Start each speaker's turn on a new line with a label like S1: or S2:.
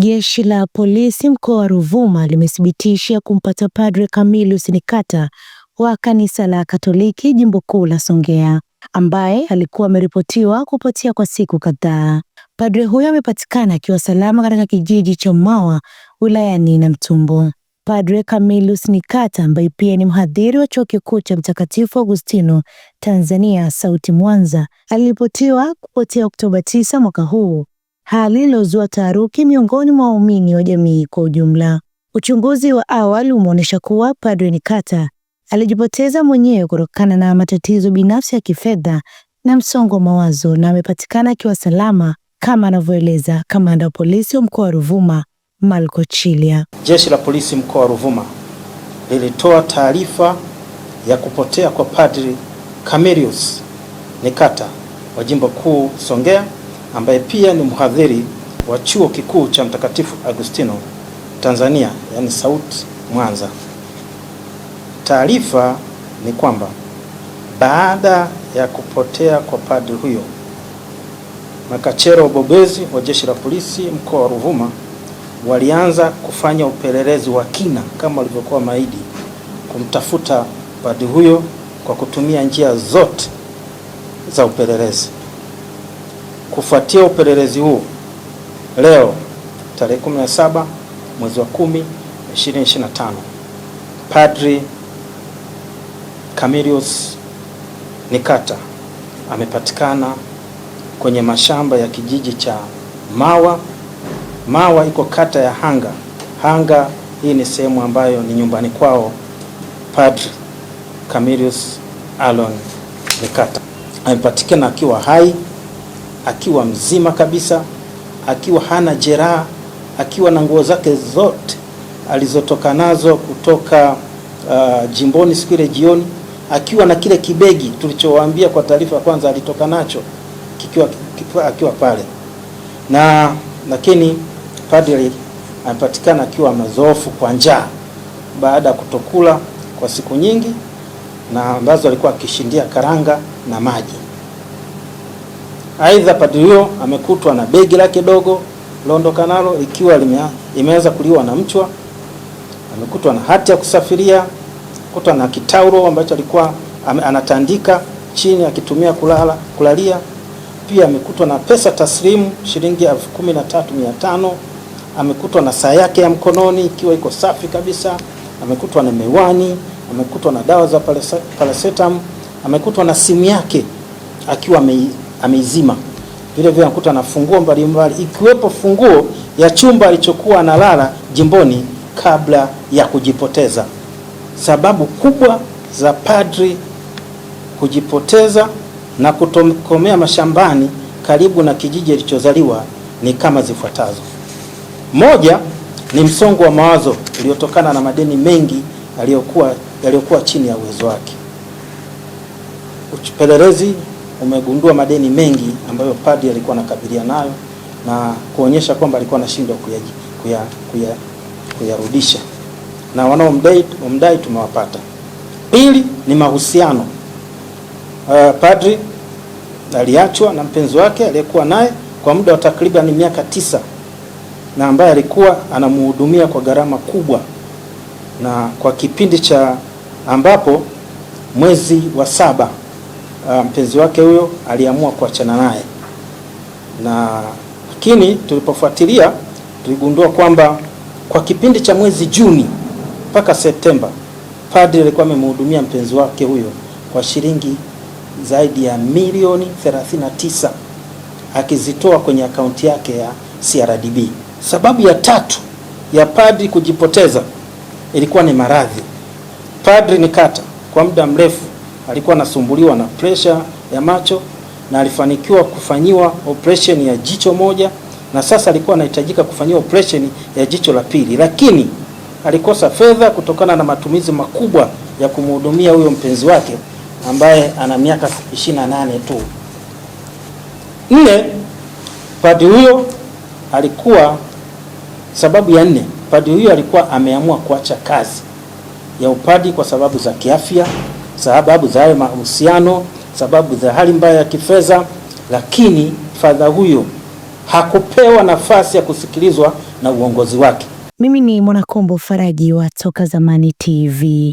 S1: Jeshi la polisi mkoa wa Ruvuma limethibitisha kumpata Padre Camillus Nikata wa kanisa la Katoliki jimbo kuu la Songea ambaye alikuwa ameripotiwa kupotea kwa siku kadhaa. Padre huyo amepatikana akiwa salama katika kijiji cha Mawa wilayani Namtumbo. Padre Camillus Nikata ambaye pia ni mhadhiri wa Chuo Kikuu cha Mtakatifu Agustino Tanzania, sauti Mwanza, aliripotiwa kupotea Oktoba 9 mwaka huu hali iliyozua taharuki miongoni mwa waumini wa jamii kwa ujumla. Uchunguzi wa awali umeonyesha kuwa Padri Nikata alijipoteza mwenyewe kutokana na matatizo binafsi ya kifedha na msongo wa mawazo na amepatikana akiwa salama kama anavyoeleza kamanda wa polisi wa mkoa wa Ruvuma Malko Chilia.
S2: Jeshi la polisi mkoa wa Ruvuma lilitoa taarifa ya kupotea kwa Padri Camilius Nikata wa jimbo kuu Songea ambaye pia ni mhadhiri wa chuo kikuu cha Mtakatifu Agustino Tanzania, yani SAUT Mwanza. Taarifa ni kwamba baada ya kupotea kwa padri huyo, makachero wabobezi wa jeshi la polisi mkoa wa Ruvuma walianza kufanya upelelezi wa kina kama walivyokuwa maidi kumtafuta padri huyo kwa kutumia njia zote za upelelezi. Kufuatia upelelezi huu, leo tarehe 17 mwezi wa 10 2025, Padri Camillus Nikata amepatikana kwenye mashamba ya kijiji cha Mawa. Mawa iko kata ya Hanga. Hanga hii ni sehemu ambayo ni nyumbani kwao Padri Camillus Alon Nikata. Amepatikana akiwa hai akiwa mzima kabisa, akiwa hana jeraha, akiwa na nguo zake zote alizotoka nazo kutoka uh, jimboni siku ile jioni, akiwa na kile kibegi tulichowaambia kwa taarifa ya kwanza alitoka nacho kikiwa, kikiwa, akiwa pale na lakini padri amepatikana akiwa mazoofu kwa njaa baada ya kutokula kwa siku nyingi na ambazo alikuwa akishindia karanga na maji. Aidha, padri huyo amekutwa na begi lake dogo liondoka nalo ikiwa imeweza kuliwa na mchwa. Amekutwa na hati ya kusafiria, kutwa na kitauro ambacho alikuwa anatandika chini akitumia kulala, kulalia. Pia amekutwa na pesa taslimu shilingi elfu kumi na tatu mia tano. Amekutwa na saa yake ya mkononi ikiwa iko safi kabisa. Amekutwa na miwani, amekutwa na dawa za paracetamol, amekutwa na simu yake akiwa ame ameizima. Vile vile anakuta na funguo mbalimbali ikiwepo funguo ya chumba alichokuwa analala jimboni kabla ya kujipoteza. Sababu kubwa za padri kujipoteza na kutokomea mashambani karibu na kijiji alichozaliwa ni kama zifuatazo. Moja ni msongo wa mawazo uliotokana na madeni mengi aliyokuwa yaliyokuwa chini ya uwezo wake. Upelelezi umegundua madeni mengi ambayo padri alikuwa anakabiliana nayo na kuonyesha kwamba alikuwa anashindwa kuyarudisha, na wanaomdai tumewapata. Pili ni mahusiano. Uh, padri aliachwa na mpenzi wake aliyekuwa naye kwa muda wa takriban miaka tisa na ambaye alikuwa anamhudumia kwa gharama kubwa, na kwa kipindi cha ambapo mwezi wa saba Ah, mpenzi wake huyo aliamua kuachana naye, na lakini tulipofuatilia tuligundua kwamba kwa kipindi cha mwezi Juni mpaka Septemba padri alikuwa amemhudumia mpenzi wake huyo kwa shilingi zaidi ya milioni 39 akizitoa kwenye akaunti yake ya CRDB. Sababu ya tatu ya padri kujipoteza ilikuwa ni maradhi. Padri Nikata kwa muda mrefu alikuwa anasumbuliwa na presha ya macho na alifanikiwa kufanyiwa operation ya jicho moja, na sasa alikuwa anahitajika kufanyiwa operation ya jicho la pili, lakini alikosa fedha kutokana na matumizi makubwa ya kumhudumia huyo mpenzi wake ambaye ana miaka 28 tu. Nne, padi huyo alikuwa, sababu ya nne, padi huyo alikuwa ameamua kuacha kazi ya upadi kwa sababu za kiafya sababu za hayo mahusiano, sababu za hali mbaya ya kifedha, lakini fadha huyo hakupewa nafasi ya kusikilizwa na uongozi wake.
S1: Mimi ni Mwanakombo Faraji wa Toka Zamani TV.